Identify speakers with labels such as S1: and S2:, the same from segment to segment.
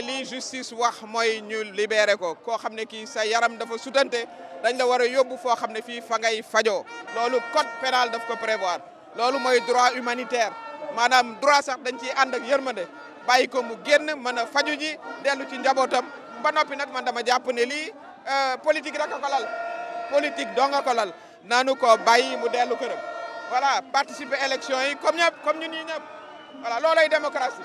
S1: li justice wax mooy ñu libéré ko koo xam ne kii sa yaram dafa sutante dañ la war a yóbbu foo xam ne fii fa ngay fajoo loolu code pénal daf ko prévoir loolu mooy droit humanitaire maanaam droit sax dañ ciy ànd ak yërmande bàyyi ko mu génn mën a faju ji dellu ci njabootam ba noppi nag man dama jàpp ne lii euh, politique rek a ko lal politique dong a ko lal ko bàyyi mu dellu këram voilà participer élection yi comme ñëpp comme ñun ñi ñëpp voilà loolay démocratie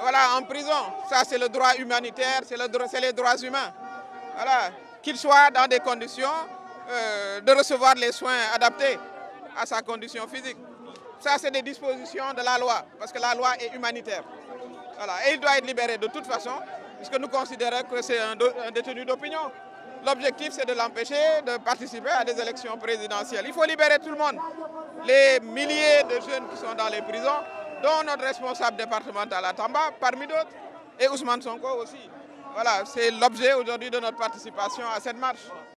S1: voilà, en prison. Ça, c'est le droit humanitaire, c'est le les droits humains. Voilà, qu'il soit dans des conditions euh, de recevoir les soins adaptés à sa condition physique. Ça, c'est des dispositions de la loi, parce que la loi est humanitaire. et il doit être libéré de toute façon, puisque nous considérons que c'est un détenu d'opinion. L'objectif, c'est de l'empêcher de participer à des élections présidentielles. Il faut libérer tout le monde. Les milliers de jeunes qui sont dans les prisons, dont notre responsable départemental à Tamba, parmi d'autres, et Ousmane Sonko aussi. Voilà, c'est l'objet aujourd'hui de notre participation à
S2: cette marche.